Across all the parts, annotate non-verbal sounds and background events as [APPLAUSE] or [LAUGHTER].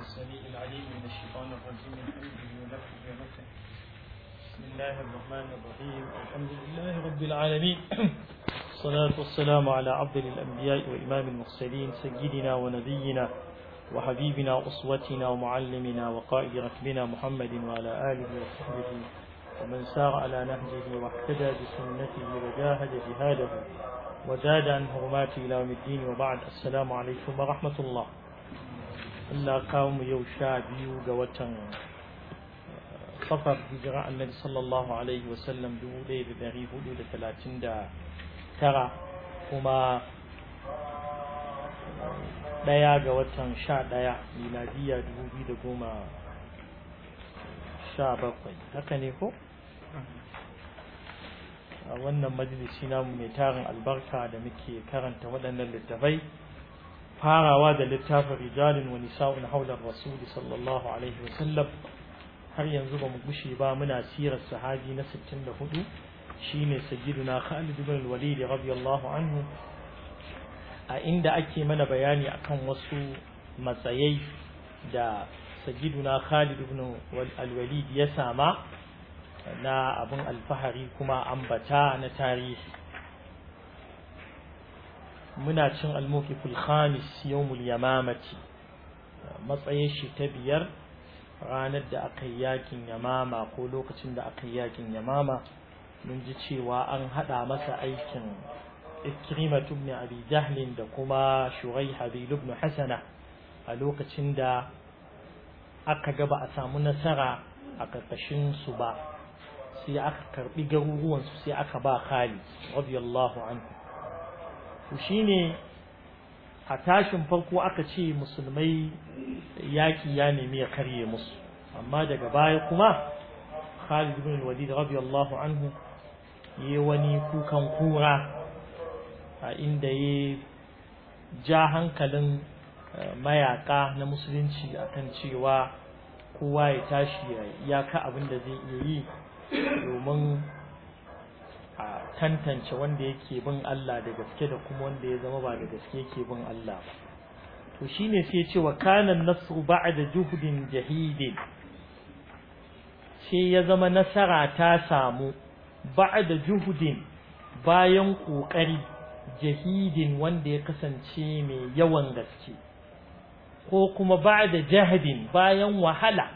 السميع العليم من الشيطان الرجيم من حمده بسم الله الرحمن الرحيم الحمد لله رب العالمين [CLEARS THROAT] الصلاة والسلام على عبد الأنبياء وإمام المرسلين سيدنا ونبينا وحبيبنا وأسوتنا ومعلمنا وقائد ركبنا محمد وعلى آله وصحبه ومن سار على نهجه واهتدى بسنته وجاهد جهاده وزاد عن حرمات إلى يوم الدين وبعد السلام عليكم ورحمة الله Allah kawo mu yau sha biyu ga watan eh, safar hijira annabi sallallahu alaihi wasallam dubu ɗaya da ɗari hudu da talatin da tara kuma ɗaya ga watan sha ɗaya miladiya dubu biyu da goma sha bakwai haka ne ko? a wannan majalisi namu mai tarin albarka da muke karanta waɗannan littafai farawa da littafin rijalin wa nisa'un haular rasuli sallallahu alaihi wasallam har yanzu ba mu gushe ba muna sirar sahabi na 64 shine sayyiduna Khalid ibn al-Walid radiyallahu anhu a inda ake mana bayani akan wasu matsayai da sayyiduna Khalid ibn al-Walid ya sama na abin alfahari kuma ambata na tarihi muna cin al-mawqiful khamis yawmul matsayin shi ta biyar ranar da aka yi yakin yamama ko lokacin da aka yi yakin yamama mun ji cewa an hada masa aikin ikrimatu ibn abi da kuma Shugai habilu ibn hasana a lokacin da aka gaba a samu nasara a karkashin su ba sai aka karbi garuruwansu sai aka ba khali radiyallahu anhu to ne a tashin farko aka ce musulmai yaƙi ya nemi ya karye musu amma daga baya kuma Khalid ibn Walid radiyallahu anhu yi wani kukan kura a inda ya ja hankalin eh, mayaka na musulunci akan cewa kowa ya tashi ya ka abin da zai iya yi domin a tantance wanda yake bin Allah da gaske da kuma wanda ya zama ba da gaske yake bin Allah ba to shine sai ya ce wa kana nasru ba'da juhdin jahidin sai ya zama nasara ta samu ba'da juhdin bayan kokari jahidin wanda ya kasance mai yawan gaske ko kuma ba'da jahdin bayan wahala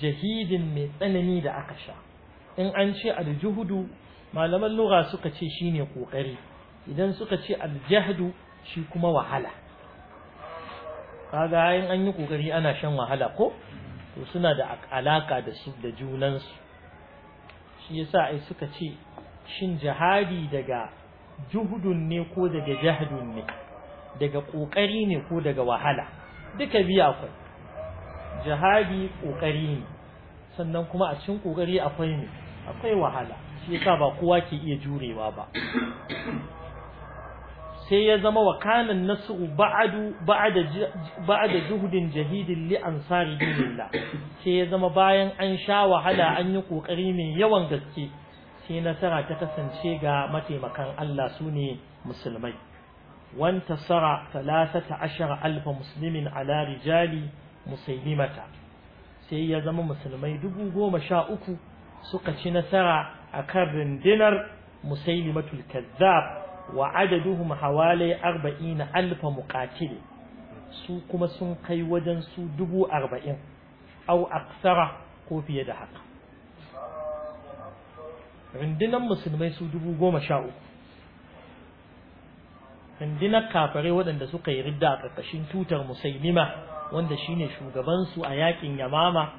jahidin mai tsanani da aka sha in an ce aljuhudu malaman lugha suka ce shine kokari idan suka ce aljahdu shi kuma wahala kaga in an yi kokari ana shan wahala ko to suna da alaka da su da junan su shi yasa ai suka ce shin jihadi daga juhudun ne ko daga jahdun ne daga kokari ne ko daga wahala duka biya akwai jihadi kokari ne sannan kuma a cikin kokari akwai ne akwai wahala shi yasa ba kowa ke iya jurewa ba sai ya zama wa kanan nasu ba'adu ba'ada ba'ada juhudin jahidin li ansari dinillah sai ya zama bayan an sha wahala an yi kokari mai yawan gaske sai nasara ta kasance ga mataimakan Allah sune musulmai wan tasara 13000 muslimin ala rijali mata. sai ya zama musulmai dubu goma sha uku suka ci nasara akan rundunar musailimatul kazzab wa adaduhum hawalai arba'ina alfa muqatil su kuma sun kai wajen su dubu arba'in au aksara ko fiye da haka rundunar musulmai su dubu goma sha uku rundunar kafare waɗanda suka yi ridda a ƙarƙashin tutar musailima wanda shine shugabansu a yakin yamama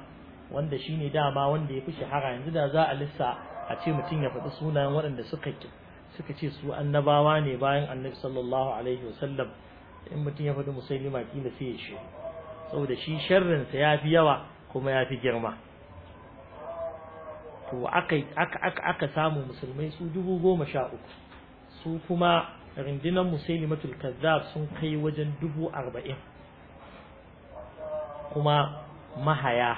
wanda shine dama wanda ya fi shahara yanzu da za a lissa a ce mutum ya faɗi sunayen waɗanda suka suka ce su annabawa ne bayan annabi sallallahu alaihi wasallam in mutum ya faɗi musailima kila sai ya shi saboda shi sharrinsa ya fi yawa kuma ya fi girma to aka aka aka samu musulmai su dubu goma sha uku su kuma rundunar musailimatul kazzab sun kai wajen dubu arba'in kuma mahaya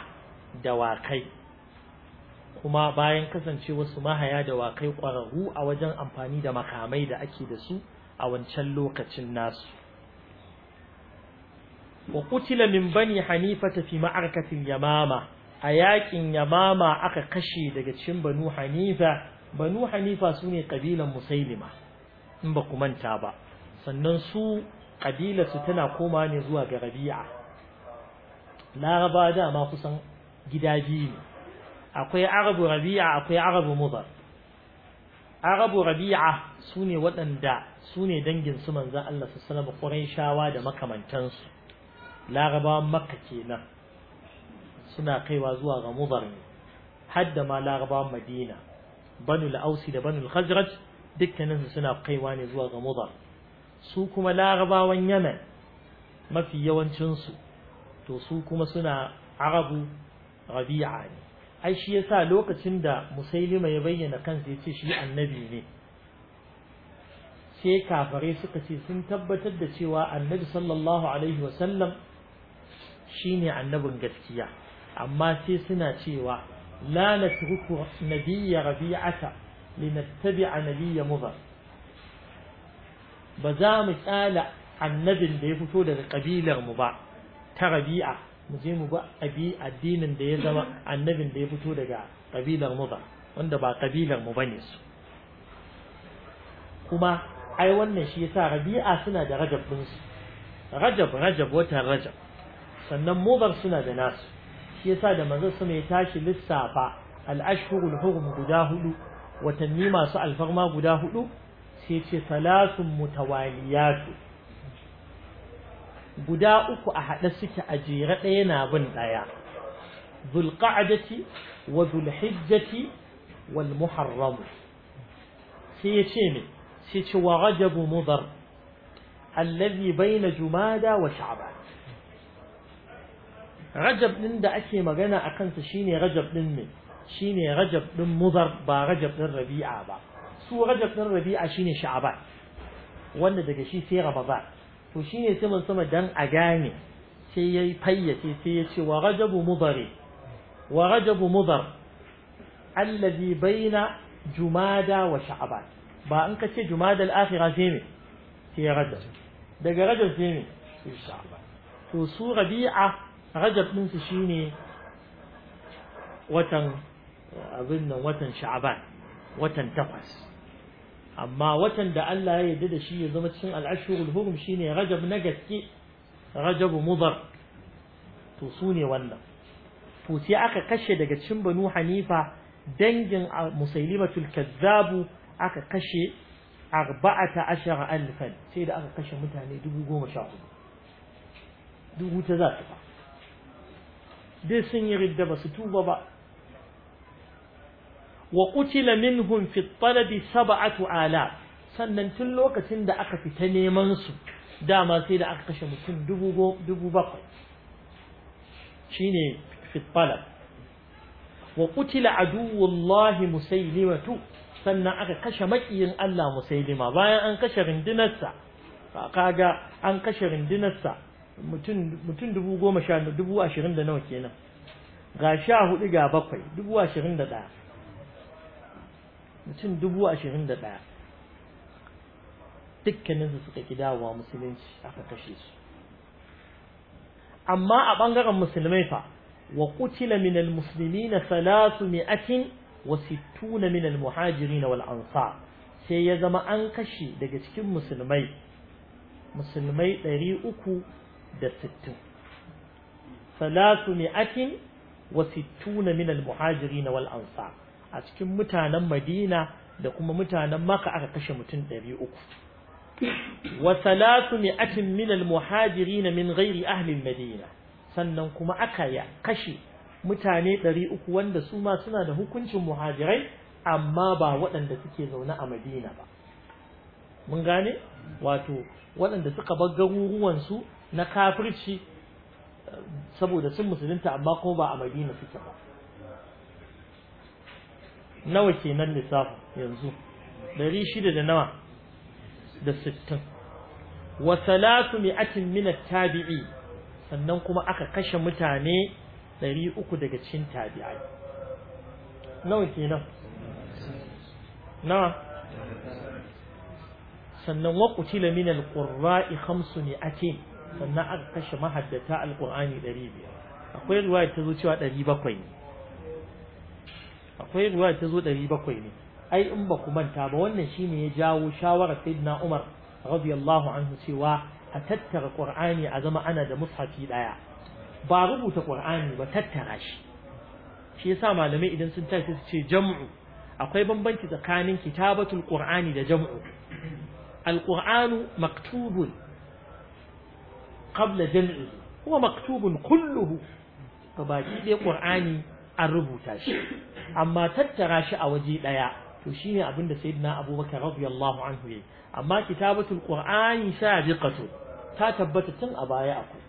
dawakai kuma bayan kasance wasu mahaya da wakai ƙwararru a wajen amfani da makamai da ake da su a wancan lokacin nasu wa kutila min bani hanifata fi ma'arkatin yamama a yakin yamama aka kashe daga cikin banu hanifa banu hanifa su ne musailima in ba ku manta ba sannan su su tana koma ne zuwa ga rabi'a laraba dama kusan gida biyu ne akwai arabu rabi'a akwai arabu mudar arabu rabi'a su waɗanda sune dangin su manzan Allah su salama shawa da makamantansu larabawan makka kenan suna kaiwa zuwa ga mudar ne hadda ma larabawan madina banul ausi da banul khazraj dukkaninsu suna kaiwa ne zuwa ga mudar su kuma larabawan yaman mafi yawancinsu to su kuma suna arabu rabi'a ne ai shi yasa lokacin da musailima ya bayyana kansa ya ce shi annabi ne sai kafare suka ce sun tabbatar da cewa annabi sallallahu alaihi sallam shine annabin gaskiya amma sai suna cewa la natruku nabiyya rabi'ata linattabi'a nabiyya mudhar ba za mu kyala annabin da ya fito daga kabilar mu ba ta rabi'a mu je mu ba abi addinin da ya zama annabin da ya fito daga kabilar mu ba wanda ba kabilar mu bane su kuma ai wannan shi yasa rabi'a suna da rajab su rajab rajab watan rajab sannan mubar suna da nasu shi yasa da manzo su ya tashi lissafa al-ashhurul hurum guda hudu watanni masu alfarma guda hudu sai ce salasun mutawaliyatu guda uku a hada suke a jere daya na bin daya zulqa'dati wa zulhijjati wal muharram sai yace ne sai ce wa rajab mudhar alladhi bayna jumada wa sha'ban rajab din da ake magana akan sa shine rajab din ne shine rajab din mudhar ba rajab din rabi'a ba su rajab din rabi'a shine sha'ban wanda daga shi sai ramadan to shine sai man sama dan a gane sai yayi fayyace sai ya ce wa rajabu mudari wa rajabu mudar alladhi baina jumada wa sha'ban ba an ka ce jumada al-akhirah sai me sai rajab daga rajab sai me sai sha'ban to su rabi'a rajab din su shine watan abin nan watan sha'ban watan takwas amma watan da Allah ya yarda da shi ya zama cikin al'ashurul hurum shine rajab na gaske rajab mudar to su ne wannan to sai aka kashe daga cikin banu hanifa dangin musailimatul kazzabu aka kashe arba'ata ashara alfan sai da aka kashe mutane dubu goma sha hudu dubu ta za ta ba dai sun yi ridda ba su tuba ba wa qutila minhum fi talabi sab'atu alaf sannan tun lokacin da aka fita neman su dama sai da aka kashe mutum dubu dubu bakwai shine fi talab wa qutila aduwullahi musailimatu sannan aka kashe makiyin Allah Musaylima. bayan an kashe rindinarsa kaga an kashe rindinarsa mutum mutum dubu goma sha dubu ashirin da nawa kenan ga sha hudu ga bakwai dubu ashirin da ɗaya mutum dubu ashirin da ɗaya dukkaninsu suka ƙi dawowa musulunci aka kashe su amma a ɓangaren musulmai fa wa kutila min na salasu mi'atin wa sittuna min almuhajirin na walansa sai ya zama an kashe daga cikin musulmai musulmai ɗari uku da sittin salasu mi'atin wa sittuna min almuhajirin na walansa. a cikin mutanen madina da kuma mutanen maka aka kashe mutum ɗari uku wa salatu mi'atin min muhajiri na min ghairi ahli al-madina sannan kuma aka ya kashe mutane ɗari uku wanda su ma suna da hukuncin muhajirai amma ba waɗanda suke zaune a madina ba mun gane wato waɗanda suka bar garuruwansu na kafirci saboda sun musulunta amma kuma ba a madina suke ba nawa kenan lissafi yanzu ɗari shida da nawa da sittin wa salatu mi'atin min tabi'i sannan kuma aka kashe mutane ɗari uku daga cikin tabi'ai nawa kenan nawa sannan wa qutila min al-qurra'i khamsu sannan aka kashe mahaddata al-qur'ani 500 akwai riwaya ta zo cewa 700 ne akwai riwaya ta zo ɗari bakwai ne ai in ba ku manta ba wannan shine ya jawo shawarar sayyidina Umar radiyallahu anhu cewa a tattara Qur'ani a zama ana da mushafi daya ba rubuta Qur'ani ba tattara shi shi yasa malamai idan sun tafi su ce jam'u akwai bambanci tsakanin kitabatul Qur'ani da jam'u al-Qur'anu maktubun qabla jam'i huwa maktubun kulluhu gabaki dai ƙur'ani. an rubuta shi amma tattara shi a waje daya to shine abin da sayyidina abubakar radiyallahu anhu yayi amma kitabatul qur'ani sabiqatu ta tabbata tun a baya akwai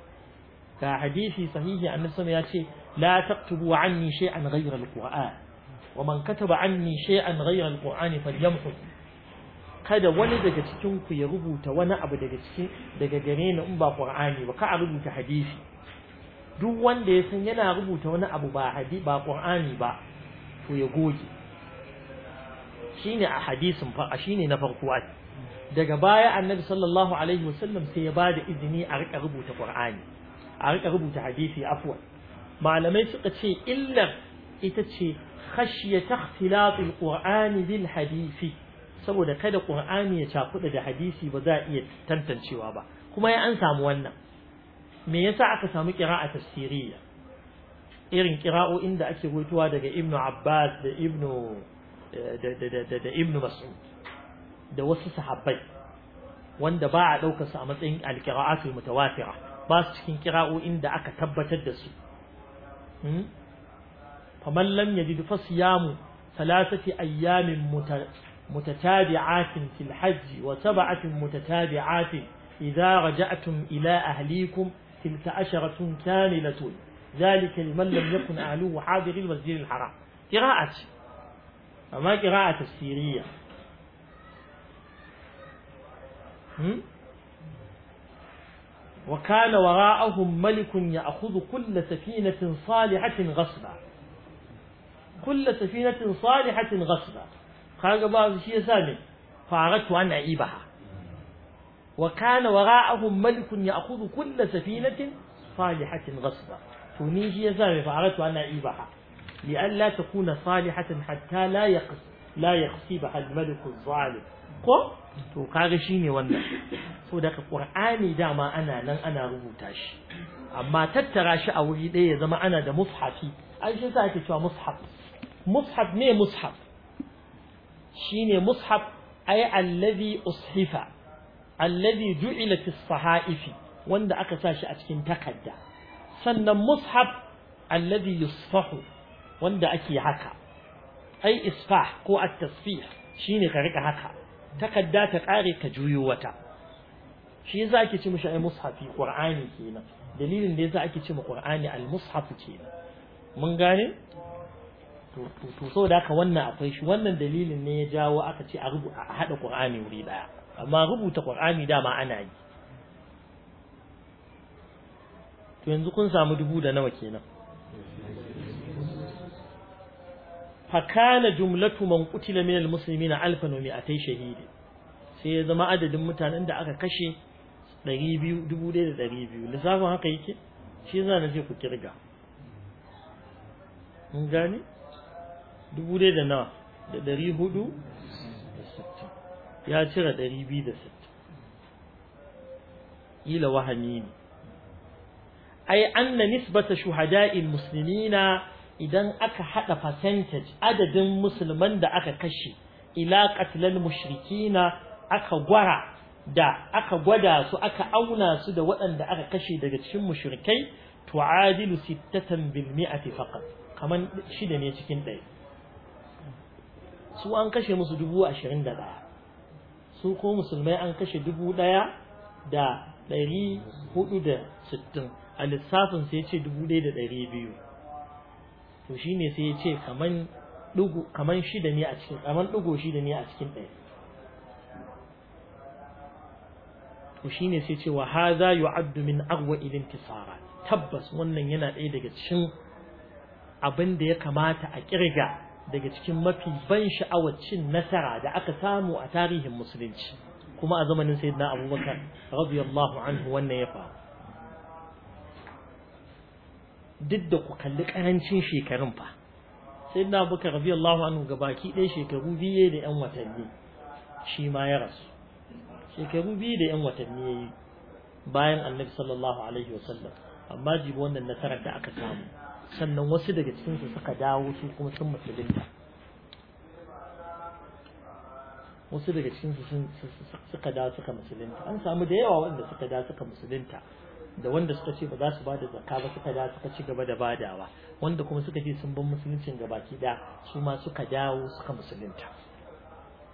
ga hadisi sahihi annabi sallallahu ya ce la taktubu anni shay'an ghayra al-qur'an wa man kataba anni shay'an ghayra al-qur'ani falyamhu kada wani daga cikin ku ya rubuta wani abu daga cikin daga gare ni in ba qur'ani ba ka rubuta hadisi duk wanda ya san yana rubuta wani abu ba hadi ba qur'ani ba to ya goge ne a hadisin fa ne na farko ai daga baya annabi sallallahu alaihi wasallam sai ya bada izini a rika rubuta qur'ani a rika rubuta hadisi afwan malamai suka ce illar ita ce khashiyat ikhtilat ƙur'ani bil hadisi saboda kada qur'ani ya cakuɗa da hadisi ba za a iya tantancewa ba kuma ya an samu wannan me yasa aka samu qira'a tafsiriyya irin qira'o inda ake ruwaitowa daga ibnu abbas da ibnu da ibnu mas'ud da wasu sahabbai wanda ba a dauka su a matsayin alqira'atu mutawatira ba su cikin qira'o inda aka tabbatar da su hmm faman lam yajid fasiyamu salasati ayyamin mutatabi'atin fil hajj wa sab'atin mutatabi'atin idza raja'tum ila ahlikum تلك عشرة كاملة ذلك لمن لم يكن أهله حاضر المسجد الحرام قراءة أما قراءة تفسيرية وكان وراءهم ملك يأخذ كل سفينة صالحة غصبا كل سفينة صالحة غصبا خاقبا الشيء سامي فأردت أن أعيبها وكان وراءهم ملك يأخذ كل سفينة صالحة غصبا تونيجي يزامي فعرت أنا إيبها لألا تكون صالحة حتى لا يقص لا يخصيبها الملك الظالم كو تو كاغشيني وانا سو داك قرآني داما أنا لن أنا رموتاش أما تتراش أولي دي زما أنا دا مصحفي أي شو ساكي تو مصحف مصحف مي مصحف شيني مصحف أي الذي أصحفه alladhi ju'ila fi sahaifi wanda aka sa shi a cikin takadda sannan mushaf alladhi yusfahu wanda ake haka ai isfah ko at-tasfih shine ka rika haka takadda ta kare ka juyo wata shi yasa ake ce mishi ai mushafi qur'ani kenan dalilin da yasa ake ce mu qur'ani al-mushaf kenan mun gane to to saboda haka wannan akwai shi wannan dalilin ne ya jawo aka ce a haɗa qur'ani wuri ɗaya. amma rubuta Qur'ani dama ana yi to yanzu kun samu dubu da nawa kenan fakana jumlatu man qutila min almuslimina alfan wa mi'atay shahid sai ya zama adadin mutanen da aka kashe 200 1200 lissafin haka yake shi yana na je ku kirga mun gane dubu da nawa da 400 ya cire ɗari biyu da sittin ila wahami ne ai anna nisbata shuhada'in musulmina, idan aka haɗa percentage adadin musulman da aka kashe ila qatlal mushrikina aka gwara da aka gwada su aka auna su da waɗanda aka kashe daga cikin mushrikai tu'adilu sittatan bil mi'ati faqat kaman shida ne cikin ɗaya su an kashe musu dubu ashirin da ɗaya su ko musulmai an kashe dubu ɗaya da ɗari hudu da sittin a lissafin sai ya ce dubu ɗaya da ɗari biyu to shi ne sai ya ce kaman ɗugu kaman shida ne a cikin kaman ɗugo shida ne a cikin ɗaya to ne sai ce wa hadha yu'addu min ilin ilintisara tabbas wannan yana ɗaya daga cikin abin da ya kamata a kirga daga cikin mafi ban sha'awar cin nasara da aka samu a tarihin musulunci kuma a zamanin sayyidina abubakar radiyallahu anhu wannan ya faru duk da ku kalli karancin shekarun fa sayyidina abubakar radiyallahu anhu ga baki ɗaya shekaru biye da yan watanni shi ma ya rasu shekaru biyu da yan watanni ya yi bayan annabi sallallahu alaihi wasallam amma jibi wannan nasarar da aka samu sannan wasu daga cikinsu suka dawo su kuma sun musulunta wasu daga cikinsu suka dawo suka musulunta an samu da yawa wanda suka dawo suka musulunta da wanda suka ce ba za su bada zakka ba suka dawo suka ci gaba da badawa wanda kuma suka ce sun bar musuluncin gabaki da su ma suka dawo suka musulunta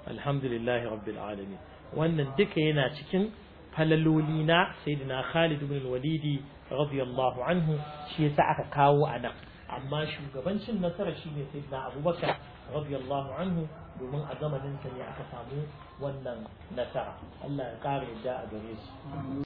alhamdulillah rabbil alamin wannan duka yana cikin falaloli na sayyidina Khalid ibn al-Walidi radiyallahu anhu shi yasa aka kawo a nan amma shugabancin nasara shine sayyidina abubakar radiyallahu anhu domin a zamanin sa ne aka samu wannan nasara Allah ya kare da a gare su